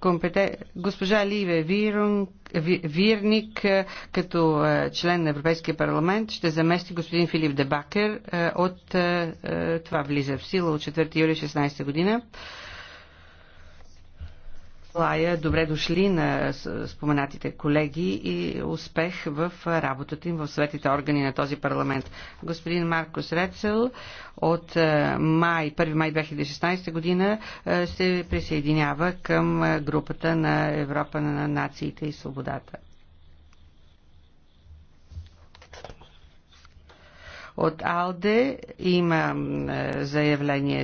компетен... госпожа Ливе Вирник като член на Европейския парламент ще замести господин Филип Дебакер от това влиза в сила от 4 юли 16 година. Желая добре дошли на споменатите колеги и успех в работата им в светите органи на този парламент. Господин Маркос Рецел от е, май, 1 май 2016 година е, се присъединява към е, групата на Европа на нациите и свободата. От АЛДЕ има заявление